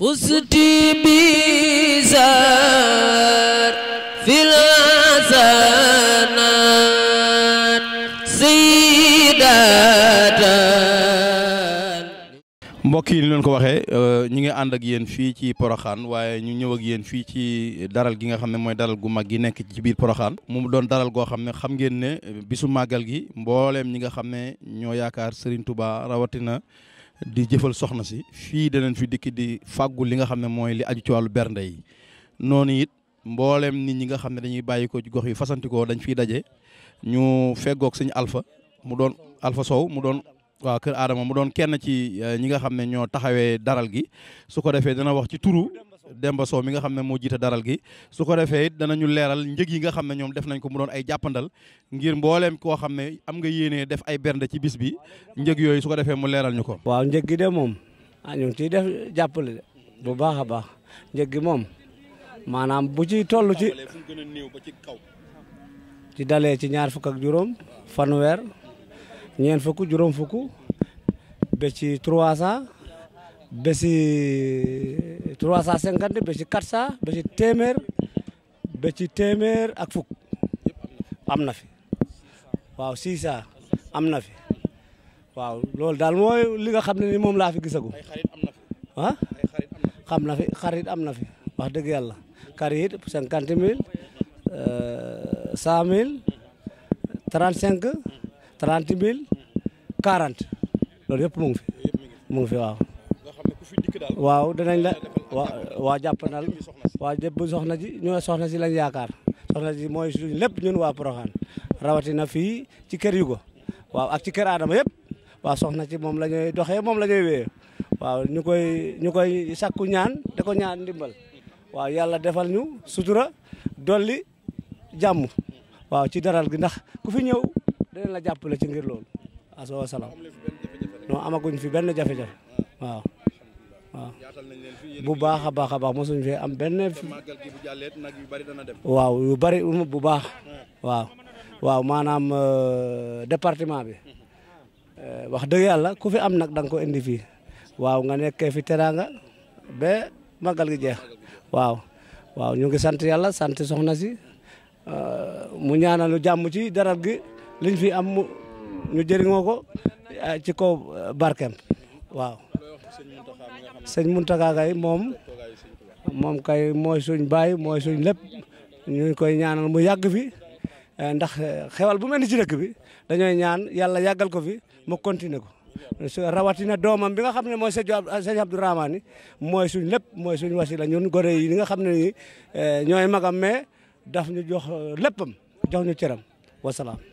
فزت بزار في الحسنات سيداتا mbokk yi ni leen ko waxee euh, ñu ngi ànd ak yéen fii ci Porokhane waaye ñu ñëw ak yéen fii ci daral gi nga xam ne mooy daral gu mag gi nekk ci biir Porokhane mu doon daral goo xam ne xam ngeen ne bisu màggal gi mbooleem ñi nga xam ne ñoo yaakaar Serigne Touba rawatina. di jëfal soxna si fii danañ fi dikk di fàggu li nga xam ne mooy li aju ci wàllu bernde yi noonu it mbooleem nit ñi nga xam ne dañuy bàyyi ko ci gox yi fasantikoo dañ fiy daje ñu feggoog sëñ alfa mu doon alfa Sow mu doon waaw kër Adama mu doon kenn ci eh, ñi nga xam ne ñoo taxawee daral gi su ko defee dana wax ci turu Demba Sow mi nga xam ne moo jiite daral gi su ko defee it ñu leeral njëg yi nga xam ne ñoom def nañ ko mu doon ay jàppandal ngir mbooleem koo xam ne am nga yéenee def ay bernde ci bis bi njëg yooyu su ko defee mu leeral ñu ko. waaw njëg de moom a ah, ñu ngi ciy def jàppale de bu baax a baax njëg gi moom maanaam bu ci toll ci ci dalee ci ñaar fukk ak juróom fanweer ñeent fukk juróom fukk ba ci bési 350 bési 400 bési téeméer bési téeméer ak fukk am na fi waaw sa am na fi waaw loolu daal mooy li nga xam ne ni moom laa fi gisagu ah xam na fi xarit am na fi wax dëgg yàlla xarit cinquante mille euh, cent mille trente cinq trente mille quarante loolu yëpp mu ngi fi mu ngi fi waaw waaw danañ la waa jàppandal waa jëpp soxna ji ñoo soxna si lañ yaakaar soxna ji mooy suñ lépp ñun waa Porokhane rawatina fii ci kër Yugo waaw ak ci kër Adama yëpp waa soxna ji moom la ñuy doxee moom la ñuy wéyee waaw ñu koy ñu koy sakku ñaan da ko ñaan ndimbal waaw yàlla defal ñu sutura dolli jàmm waaw ci daral gi ndax ku fi ñëw danañ la jàppale ci ngir loolu asalaamaaleykum non amaguñ fi benn jafe-jafe waaw. waaw bu baax a baax a baax mosuñ fee am benn waaw yu bari um, bu baax waaw waaw maanaam euh, département bi euh, wax dëgg yàlla ku fi am nag da ko indi fii waaw nga nekkee fi teraanga ba màggal gi jeex waaw ñu ngi sant yàlla sant soxna si euh, mu ñaanalu jàmm ci daral gi liñ fi am ñu jëriñoo ko ci kaw barkeem waaw sëñ Mountakha kay moom moom kay mooy suñ baay mooy suñ lépp ñu koy ñaanal mu yàgg fi eh, ndax eh, xewal bu mel ni ci dëkk bi dañooy ñaan yàlla yàggal ko fi mu continuer ko rawatina doomam bi nga xam ne mooy sëñ Abdou Rahmane mooy suñ lépp mooy suñ wasila ñun gore yi nga xam ne nii eh, ñooy magam mais daf ñu jox léppam jox ñu cëram wasalaam